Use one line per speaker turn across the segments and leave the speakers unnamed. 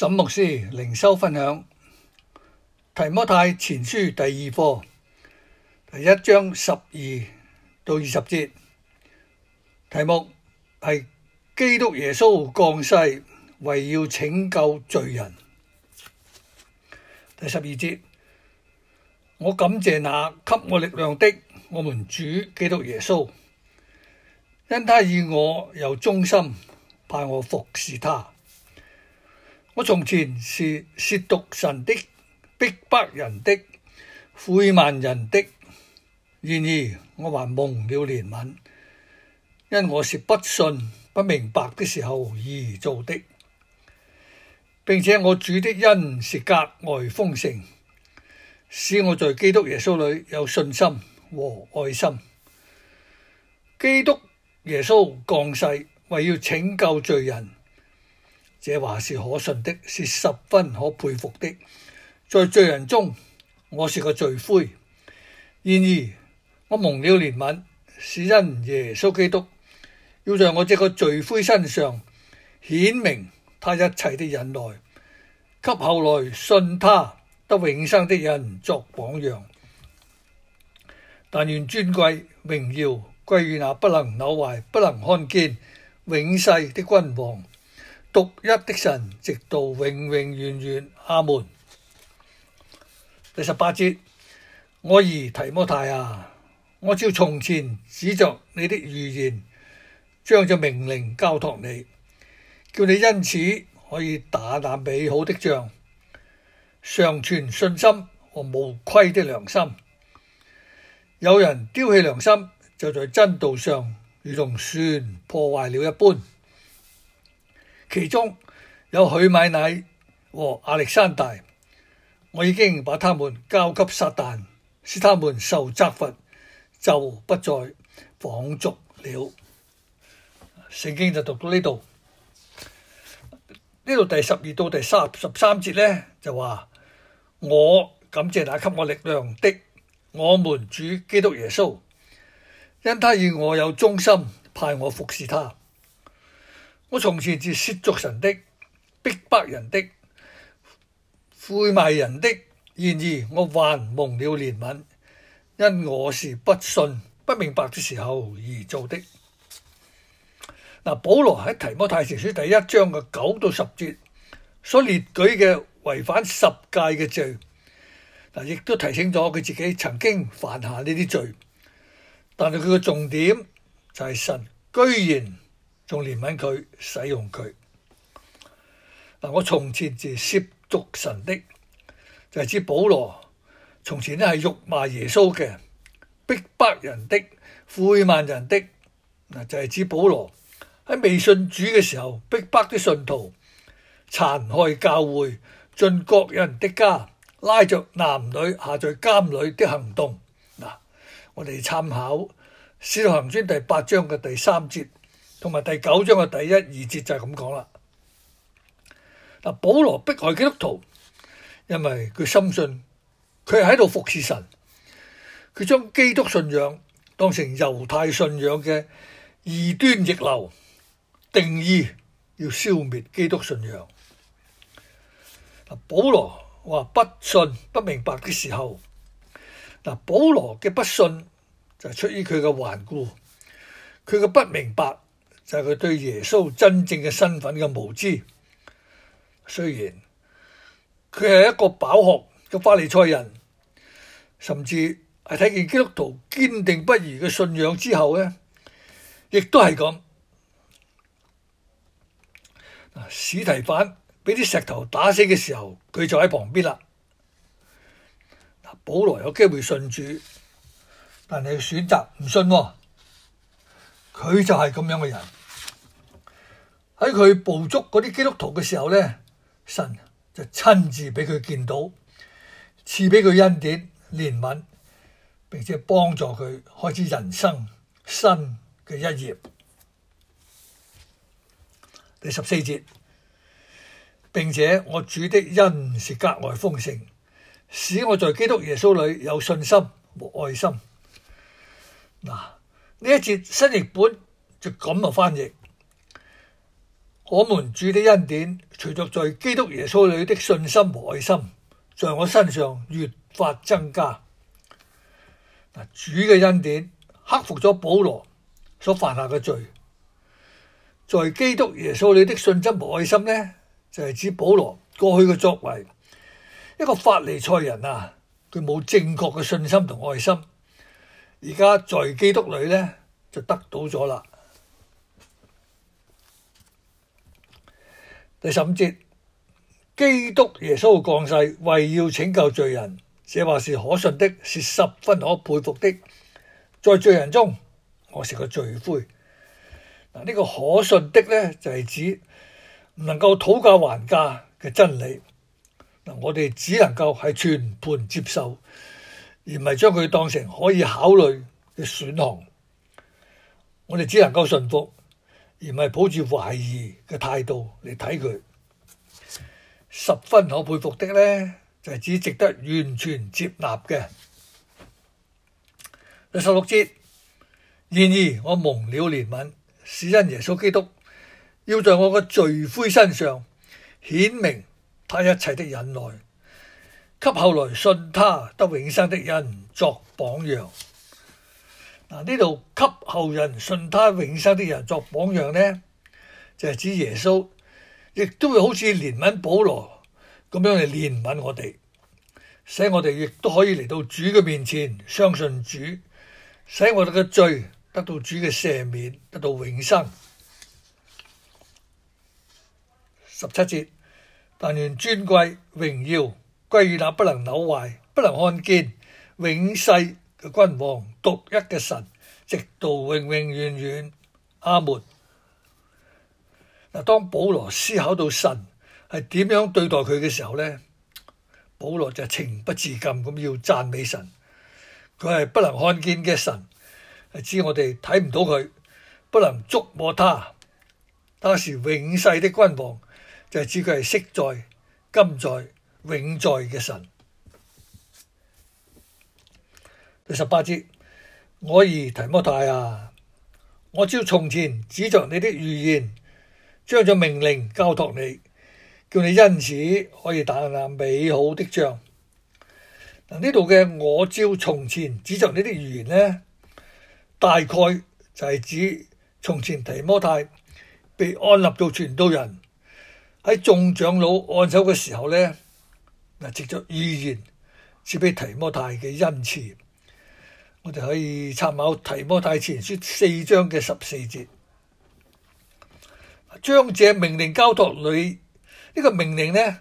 沈牧師靈修分享《提摩太前書》第二課，第一章十二到二十節，題目係基督耶穌降世為要拯救罪人。第十二節，我感謝那給我力量的，我們主基督耶穌，因他以我有忠心，派我服侍他。我從前是褻瀆神的、逼迫人的、侮慢人的，然而我還蒙了憐憫，因我是不信、不明白的時候而做的，並且我主的恩是格外豐盛，使我在基督耶穌裏有信心和愛心。基督耶穌降世，為要拯救罪人。這話是可信的，是十分可佩服的。在罪人中，我是個罪魁，然而我蒙了憐憫，是因耶穌基督要在我這個罪魁身上顯明他一切的忍耐，給後來信他得永生的人作榜樣。但願尊貴、榮耀歸於那不能朽壞、不能看見、永世的君王。獨一的神，直到永永遠遠，阿門。第十八節，我兒提摩太啊，我照從前指着你的預言，將這命令交託你，叫你因此可以打那美好的仗，常存信心和無虧的良心。有人丟棄良心，就在真道上如同船破壞了一般。其中有許米乃和亞歷山大，我已經把他們交給撒旦，使他們受責罰，就不再謗瀆了。聖經就讀到呢度，呢度第十二到第三十三節呢，就話：我感謝那給我力量的，我們主基督耶穌，因他以我有忠心，派我服侍他。我從前是褻瀆神的、逼迫人的、侮慢人的，然而我還蒙了憐憫，因我是不信、不明白嘅時候而做的。嗱，保羅喺提摩太前書第一章嘅九到十節所列舉嘅違反十誡嘅罪，嗱，亦都提醒咗佢自己曾經犯下呢啲罪，但係佢嘅重點就係神居然。仲憐憫佢，使用佢嗱。我從前是褻瀆神的，就係、是、指保羅從前咧係辱罵耶穌嘅，逼迫人的、侮慢人的嗱，就係、是、指保羅喺未信主嘅時候逼迫啲信徒，殘害教會，進各人的家，拉着男女下在監裏啲行動嗱。我哋參考使徒行傳第八章嘅第三節。同埋第九章嘅第一二節就係咁講啦。嗱，保羅迫害基督徒，因為佢深信佢係喺度服侍神，佢將基督信仰當成猶太信仰嘅異端逆流，定義要消滅基督信仰。嗱，保羅話不信不明白嘅時候，嗱，保羅嘅不信就係出於佢嘅頑固，佢嘅不明白。就係佢對耶穌真正嘅身份嘅無知，雖然佢係一個飽學嘅法利賽人，甚至係睇見基督徒堅定不移嘅信仰之後呢，亦都係咁。史提反俾啲石頭打死嘅時候，佢就喺旁邊啦。保羅有機會信主，但係選擇唔信，哦，佢就係咁樣嘅人。喺佢捕捉嗰啲基督徒嘅時候咧，神就親自俾佢見到，賜俾佢恩典、憐憫，並且幫助佢開始人生新嘅一頁。第十四節，並且我主的恩是格外豐盛，使我在基督耶穌裏有信心和愛心。嗱，呢一節新譯本就咁啊翻譯。我們主的恩典，隨着在基督耶穌裏的信心和愛心，在我身上越發增加。主嘅恩典克服咗保羅所犯下嘅罪，在基督耶穌裏的信心和愛心呢，就係、是、指保羅過去嘅作為，一個法利賽人啊，佢冇正確嘅信心同愛心，而家在，在基督裏呢，就得到咗啦。第十五節，基督耶穌降世為要拯救罪人，這話是可信的，是十分可佩服的。在罪人中，我是個罪魁。嗱，呢個可信的咧，就係指唔能夠討價還價嘅真理。嗱，我哋只能夠係全盤接受，而唔係將佢當成可以考慮嘅選項。我哋只能夠信服。而唔係抱住懷疑嘅態度嚟睇佢，十分可佩服的呢，就係、只值得完全接納嘅。第十六節，然而我蒙了憐憫，是因耶穌基督要在我嘅罪魁身上顯明他一切的忍耐，給後來信他得永生的人作榜樣。嗱，呢度給後人信他永生啲人作榜樣呢，就係指耶穌，亦都會好似憐憫保羅咁樣嚟憐憫我哋，使我哋亦都可以嚟到主嘅面前，相信主，使我哋嘅罪得到主嘅赦免，得到永生。十七節，但願尊貴榮耀歸與那不能朽壞、不能看見永世。嘅君王，獨一嘅神，直到永永遠遠。阿門。嗱，當保羅思考到神係點樣對待佢嘅時候咧，保羅就情不自禁咁要讚美神。佢係不能看見嘅神，係指我哋睇唔到佢，不能觸摸他。他是永世的君王，就係指佢係昔在、今在、永在嘅神。第十八節，我兒提摩太啊，我照從前指着你的預言，將咗命令交託你，叫你因此可以打下美好的仗。嗱，呢度嘅我照從前指着你的預言呢，大概就係指從前提摩太被安立做傳道人喺眾長老按手嘅時候呢，嗱，藉著預言賜俾提摩太嘅恩賜。我哋可以參考提摩太前書四章嘅十四節，將這命令交託你。呢、這個命令呢，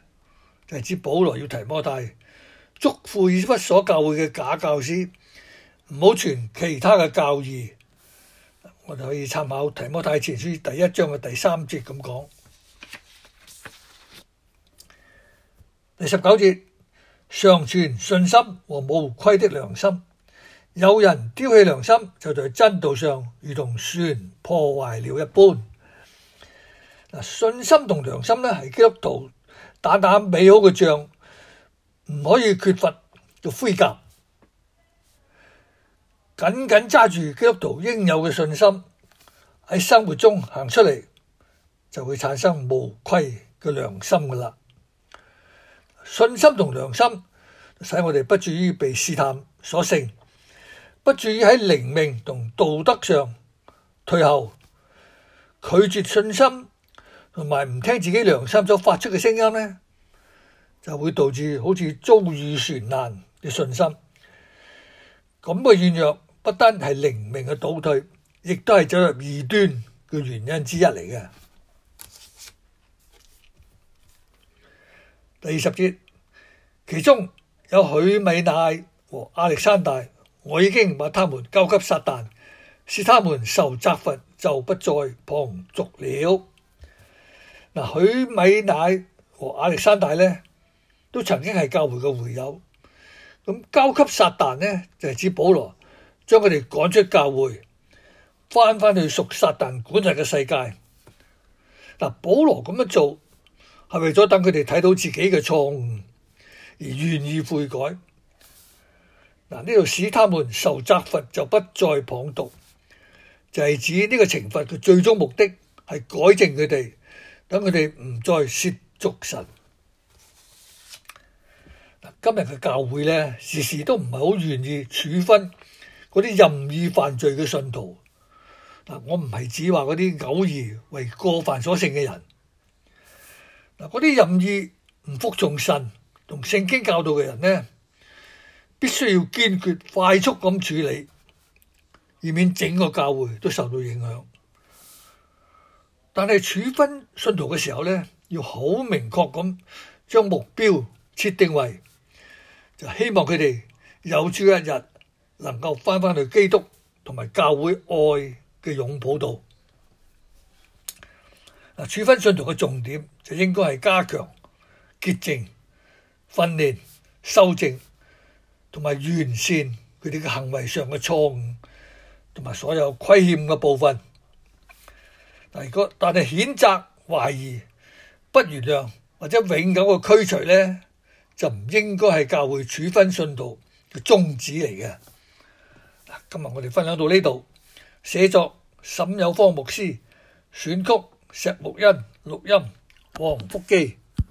就係指保羅要提摩太囑咐以弗所教會嘅假教師，唔好傳其他嘅教義。我哋可以參考提摩太前書第一章嘅第三節咁講。第十九節，常存信心和無虧的良心。有人丟棄良心，就在真道上如同船破壞了一般。嗱，信心同良心呢，係基督徒打打美好嘅仗，唔可以缺乏嘅盔甲。緊緊揸住基督徒應有嘅信心喺生活中行出嚟，就會產生無愧嘅良心噶啦。信心同良心使我哋不至於被試探所勝。不注意喺靈命同道德上退後，拒絕信心，同埋唔聽自己良心所發出嘅聲音呢，就會導致好似遭遇船難嘅信心。咁嘅軟弱，不單係靈命嘅倒退，亦都係走入異端嘅原因之一嚟嘅。第十節，其中有許米乃和亞歷山大。我已經把他們交給撒旦，使他們受責罰就不再謗瀆了。嗱，許米乃和亞歷山大咧，都曾經係教會嘅會友。咁交給撒旦咧，就係指保羅將佢哋趕出教會，返返去屬撒旦管治嘅世界。嗱，保羅咁樣做係為咗等佢哋睇到自己嘅錯誤而願意悔改。嗱，呢度使他們受責罰就不再謗瀆，就係指呢個懲罰嘅最終目的係改正佢哋，等佢哋唔再褻瀆神。嗱，今日嘅教會呢，時時都唔係好願意處分嗰啲任意犯罪嘅信徒。嗱，我唔係指話嗰啲偶爾為過犯所勝嘅人。嗱，嗰啲任意唔服從神同聖經教導嘅人呢。必須要堅決、快速咁處理，以免整個教會都受到影響。但係處分信徒嘅時候咧，要好明確咁將目標設定為就希望佢哋有朝一日能夠翻返去基督同埋教會愛嘅擁抱度。嗱，處分信徒嘅重點就應該係加強、潔淨、訓練、修正。同埋完善佢哋嘅行為上嘅錯誤，同埋所有虧欠嘅部分。但如果但係譴責、懷疑、不原諒或者永久嘅驅除咧，就唔應該係教會處分信徒嘅宗旨嚟嘅。嗱，今日我哋分享到呢度。寫作沈有方牧師，選曲石木恩，錄音王福基。